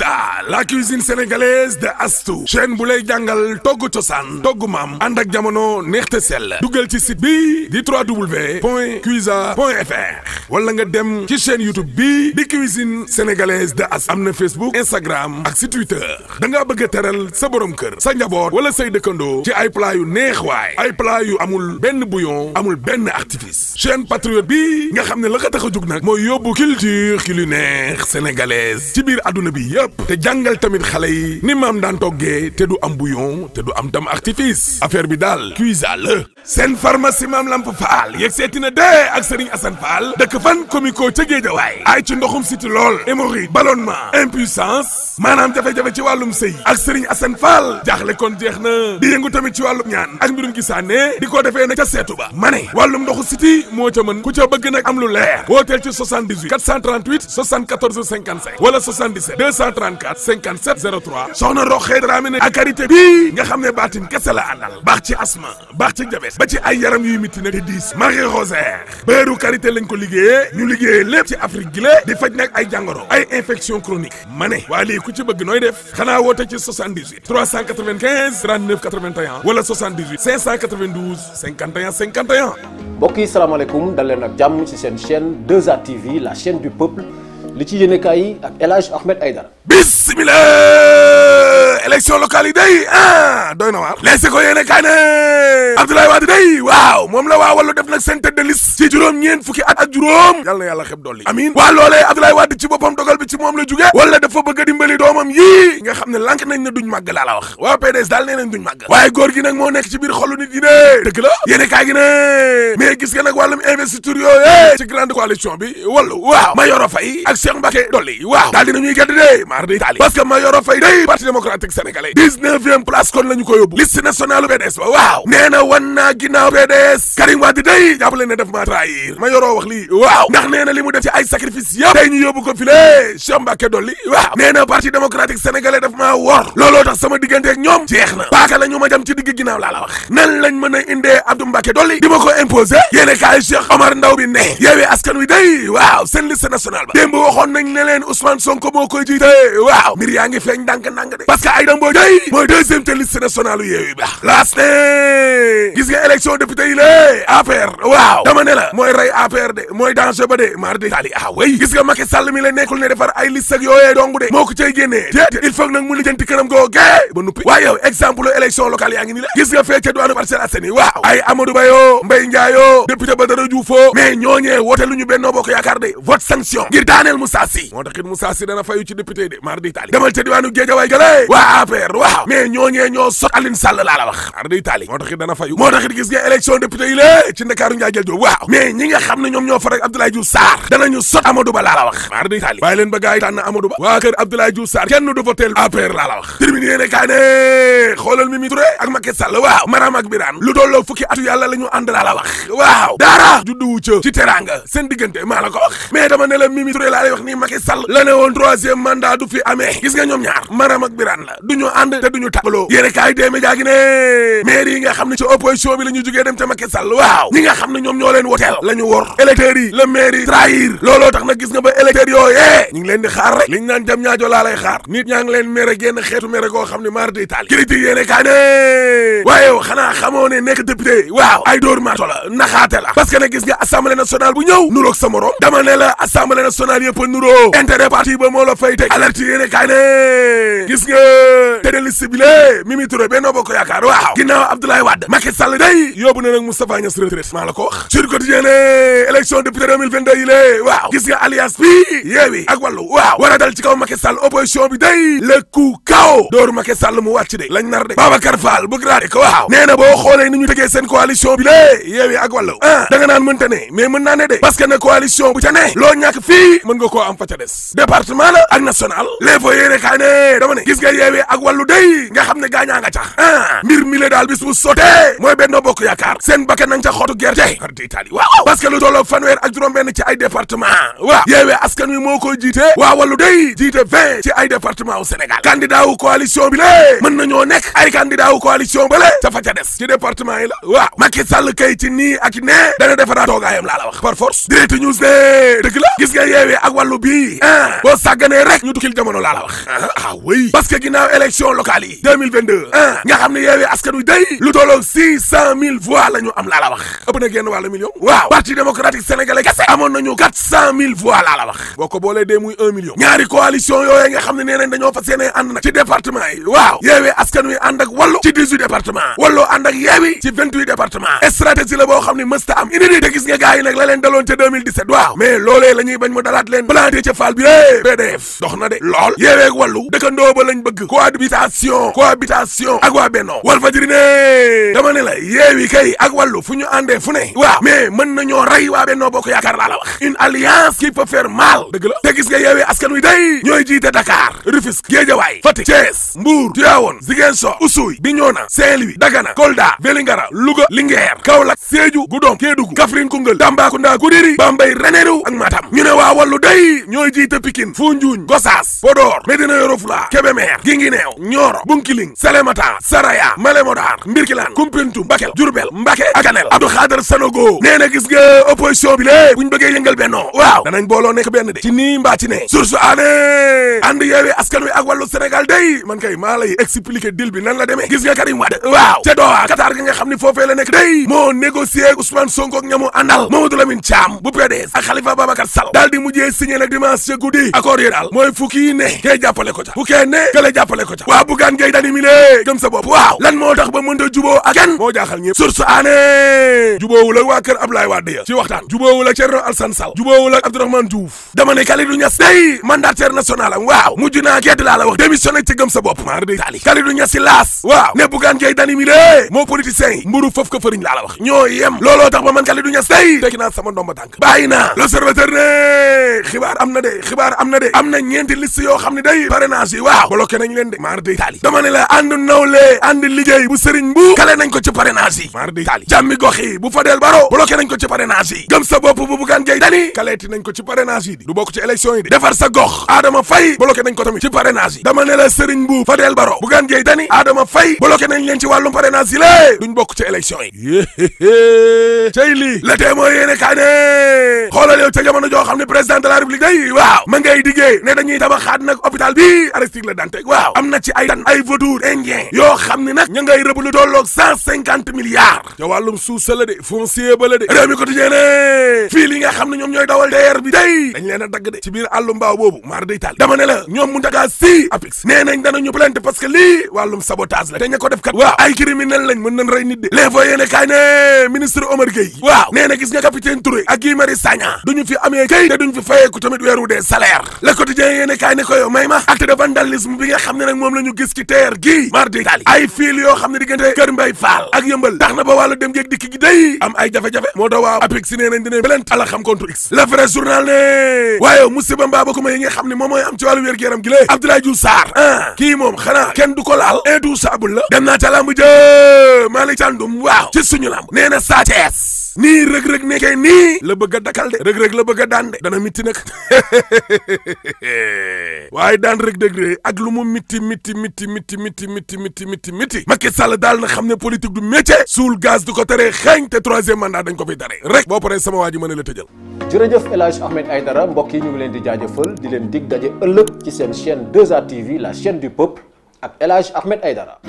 ISA la cuisine sénégalaise de Astou chaîne bu lay jàngal togg cosaan togg maam ànd ak jamono neexte sell duggal ci site bi di 3w point cuisa point fr wala nga dem ci chaîne YouTube bi di cuisine sénégalaise de Astou am na Facebook Instagram ak si Twitter da ngaa bëgg a sa borom kër sa njaboot wala say dëkkandoo ci ay plat yu neex waay ay plat yu amul benn bouillon amul benn artifice chaîne patriote bi nga xam ne la ko tax a jug nag mooy yóbbu culture culinaire sénégalaise ci biir adduna bi ñëpp te jàngal tamit xale yi ni maam daan toggee te du am bouillon te du am tam artifice affaire bi daal cuisa la seen pharmacie maam lamp faal yegg seeti na dee ak Serigne Assane Fall dëkk fan comico ca Géejawaay ay ci ndoxum siti lool hémorroïde ballonnement impuissance maanaam jafe-jafe ci wàllum sëy ak Serigne Assane Fall jaaxle kon jeex na di yëngu tamit ci wàllum ñaan ak mbirum gisaane di ko defee nag ca seetu ba ma ne wàllum ndoxu siti moo ca mën ku ca bëgg 234 57 03 soxna Roxee Dramé ne akarité bii nga xam ne baatin kese la àndal baax ci asma baax ci jabet ba ci ay yaram yuy mitti nag te diis Marie Rosaire beeru karité lañ ko liggéeyee ñu liggéeyee ci Afrique gi di faj nag ay jàngoro ay infection chronique ma ne waa lii ku ci bëgg nooy def xanaa woote ci 78 395 39 81 wala 78 592 51 51 mbokk yi salaamaaleykum dal leen ak jàmm ci seen chaîne 2A TV la chaîne du peuple li ci yéene kaay yi ak El Hadj Ahmed Aïdara bismillah élection locale yi ah doy na waar leese ko yéene kaay ne Abdoulaye Wade waaw moom la waa wallu def nag seen de liste ci juróom fukki at ak juróom na yàlla xeb dolli amiin waa loolee Abdoulaye Wade ci boppam dogal bi ci moom la jugee wala dafa bëgg a dimbali doomam yii nga xam ne lànk nañ ne duñ màgg laa la wax waa PDS daal nee nañ duñ màgg waaye góor nag moo nekk ci biir xolu nit yi ne la yéene kaay gi ne gis nga nag wàllum investiture démocratique sénégalais 19e place kon la ko yóbbu liste nationale ba waaw nee na wan naa ginnaaw PDS Karim Wade day jàppale maa trahir ma yoroo wax lii waaw ndax nee li mu def ci ay sacrifice yëpp tey ñu yóbbu ko file Cheikh Mbacké Dolly waaw nee na parti démocratique sénégalais daf maa wor looloo tax sama diggante ak jeex na paaka la ma jam ci digg ginnaaw laa la wax nan lañ mën a indee Abdou Mbacké Dolly di ma ko imposé yéene kaay Cheikh Omar Ndaw bi ne yeewee askan wi ba démb waxoon nañ ne leen parce que Aïda Mbodj day mooy deuxième te liste nationale u Yewwi baax laas ne gis yi lé APR waaw dama ne mooy rey APR de mooy danger ba de mar de taali ah way gis nga Macky nekkul ne defar ay liste ak yooyee de moo ko cay génnee déedéet il faut nag mu lijjanti kanam googee ba nuppi waaye yow exemple élection locale yaa ngi ni la fee ca duwaanu Parcelles waaw ay Amadou Ba yoo Mbaye Ndiaye yoo député Badara Diouf oo wote lu waa APR waaw mais ñooñee ñoo sot Alioune Sall laa la wax ar day taali moo tax it dana fayu moo tax it gis nga élection ci Ndakaaru njaajël Joob waaw mais ñi nga xam ne ñoom ñoo farak Abdoulaye Diouf Sarr danañu sot Amadou Ba laa wax ar day taali bàyyi leen ba gaa yi tànn waa kër Abdoulaye Diouf Sarr kenn du votel APR laa wax terminé yéene kaa ne xoolal Mimi Touré ak Macky Sall waaw Maram ak lu dolloo fukki atu yàlla la ñu ànd laa alxuraan la du ñu ànd te du ñu tàggaloo yéene kaay dee média gi ne maire yi nga xam ne la ñu jugee dem ca Macky Sall waaw ñi nga xam ne ñoom ñoo la ñu wor électeurs yi la maire trahir looloo tax nag gis nga ba électeurs yooyee ñu ngi di xaar rek liñ naan jam ñaajo laa lay xaar nit ñaa ngi leen mere mere koo xam ne maar day taal critique yéene kaay ne yow xanaa xamoo ne nekk député waaw ay dóor maato la naxaate que ne gis nga assemblée nationale bu ñëw nuroog sa morom dama ne la assemblée nationale yëpp a nuroo intérêt parti ba moo la fay teg alerte yéene kaay gis nga tëddee liste bi lee Mimi Touré Benno Bokk Yaakaar waaw ginnaaw Abdoulaye Wade Macky Sall day yóbbu na nag Moustapha Niass retraite maa la ko wax sur quotidien ne élection député 2022 yi lée waaw gis nga alliance bi yeewi ak wàllu waaw war a dal ci kaw Macky Sall opposition bi day le coup kaw dóoru Macky Sall nee na boo xoolee ni ñu tegee seen coalition bi lée yeewi ak wàllu ah naan mënta ne mais mën naa de parce que ne coalition bu ca ne loo ñàkk fii mën nga koo am fa ca des département ak national les fa yéene kaay dama ne gis nga yeewi ak wàllu day nga xam ne gaañaa nga ca ah mbir mi la daal bis bu sotee mooy Benno Bokk Yaakaar seen bakkan nañ ca xootu gerte ar di Italie waaw parce que lu tolloo fanweer ak juróom benn ci ay département waaw yeewi askan wi moo koy jiite waa wàllu day jiite fa ca des ci département yi la waaw Macky Sall kay ci nii ak ne dana defaraat toogaayam laa la wax par force direct news de dëgg la gis nga ak wàllu bii ah boo sàgganee rek ñu dukkil jamono laa la wax ah, ah, ah oui parce que ginnaaw élection locale yi 2022 ah nga xam ne yeewee askan wi day lu tolloog 600000 voix la ñu am laa la wax ëpp na genn wàllu million waaw parti démocratique sénégalais kese ñaari coalition Wallu ànd ak Yewwi ci 28 département stratégie la boo xam ne mësta am ini di te gis nga gars la leen daloon ca waaw mais loolee la bañ mu dalaat leen planté ca faal bi é pdf dox na de lool Yewwi Wallu dëkkandoo ba lañ bëgg cohabitation cohabitation ak waa Benno Walfadjri ne dama la Yewwi kay ak Wallu fu ñu àndee fu ne waaw mais mën nañoo rey waa Benno Bokk Yaakaar laa la wax une alliance qui peut faire mal dëgg la te gis nga Dagana Kolda Vélingara Louga Linguère Kaolack Sédhiou Goudomp Kédougou Kaffrine Koungheul Tambacounda Goudiri Bambey Ranérou ak Matam ñu ne waa wàllu day ñooy jiite Pikine Foundiougne Gossas Podor Médina Yoro Foulah Kébémer Guinguinéo Nioro Bounkiling Salémata Saraya Malémodar Mbirkilaan Koumpentoum Bakel Diourbel Mbacké ak Kanel Abdou Khadre Sanogo nee na gis nga opposition bi lée bu ñu bennoo waaw danañ booloo nekk benn de ci nii mbaa ci ne source aane ànd yeewee te a Qatar gi nga xam ni foofee la nekk day moo négocié Ousmane Sonko ak ñamu àndal Mamadou Lamine Thiam bu PDS a Khalifa Babacar Sall daal di mujjee signé nag dimanche ca guddi accord yi daal mooy fukki ne kee jàppale ko ca bu kee ne kële jàppale ko ca waa Bougane Gueye Dany mi bopp waaw lan moo tax ba mënta juboo ak kenn moo jaaxal ñëpp source aané juboowul ak waa kër Abdoulaye Wade ya ci waxtaan juboowul ak Thierno Alassane Sall juboowul ak Abdourahmane Diouf dama ne Kalidou de moo politiciens yi mburu foofu ko fëriñ laa la wax ñoo yem looloo tax ba man Kalidou Niass tey tekki naa sama ndomba tànk bàyyi naa l'observateur ne xibaar am na de xibaar am na de am na ñeenti liste yoo xam ne day parrainage yi waaw bloqué nañu leen de maar day taali dama ne la ànd nawle ànd liggéey bu sëriñ bu kale nañ ko ci parrainage yi maar di du bokk ci élection yi di defar sa gox Adama Faye bloqué nañ ko ci parrainage yi dama ne la sëriñ bu Fadel Baro bugaan gay dani parrainage si lée duñ bokk ci élection yi cay lii le témoin yéene kaa ne xoolal yow ca jamono joo xam ne président de la république day waaw ma ngay diggee ne dañuy tabaxaat nag hôpital bi Aristide Le Dantec waaw am na ci ay tan ay vautour indien yoo xam ne nag ña ngay rëbb lu tolloog cent cinquante milliards ca wàllum suuf sa la de li nga xam ne ñoom ñooy dawal DER bi day dañ leen a dagg de ci biir àllu mbaaw boobu maar day taal dama ne la ñoom mu ndagaa si APIX nee nañ danañu plainte parce que lii wàllum sabotage la te ña ko def kat waaw ay kiri criminel lañ mën nañ rey nit de les fa yéene kaay ne ministre Omar Gueye waaw nee gis nga capitaine Touré ak Guy Marius Sagna duñu fi amee kay te duñ fi fayeeku tamit weeru dee salaire le quotidien yéene kaay ne may ma acte de vandalisme bi nga xam ne moom la ñu gis ci teer gii mardi tali ay fiil yoo xam ne diggante Kër Mbay Faal ak yëmbal tax na ba wàllu dem geeg dikk gi day am ay jafe-jafe moo tax waa APEX si nee nañ dinañ ala xam contre ah, la dem naa Malick Thiandoum waaw ci suñu laam nee na Sa Thiès nii rëg-rëg nekkee nii la bëgg a dakkal de rëg-rëg la bëgg a daan de dana mitti nag waaye daan rëg-rëg de ak lu mu mitti mitti mitti mitti mitti mitti mitti mitti mitti Macky Sall daal na xam ne politique du métier suul gaz du ko tere xeeñ te troisième mandat dañ ko fi daree rek boo paree sama waa ji mën a la tëjal jërëjëf El Hadj Ahmed Aïdara mbokk yi ñu ngi leen di jaajëfal di leen dig daje ëllëg ci seen chaîne 2A la chaîne du peuple ak El Hadj Ahmed Aïdara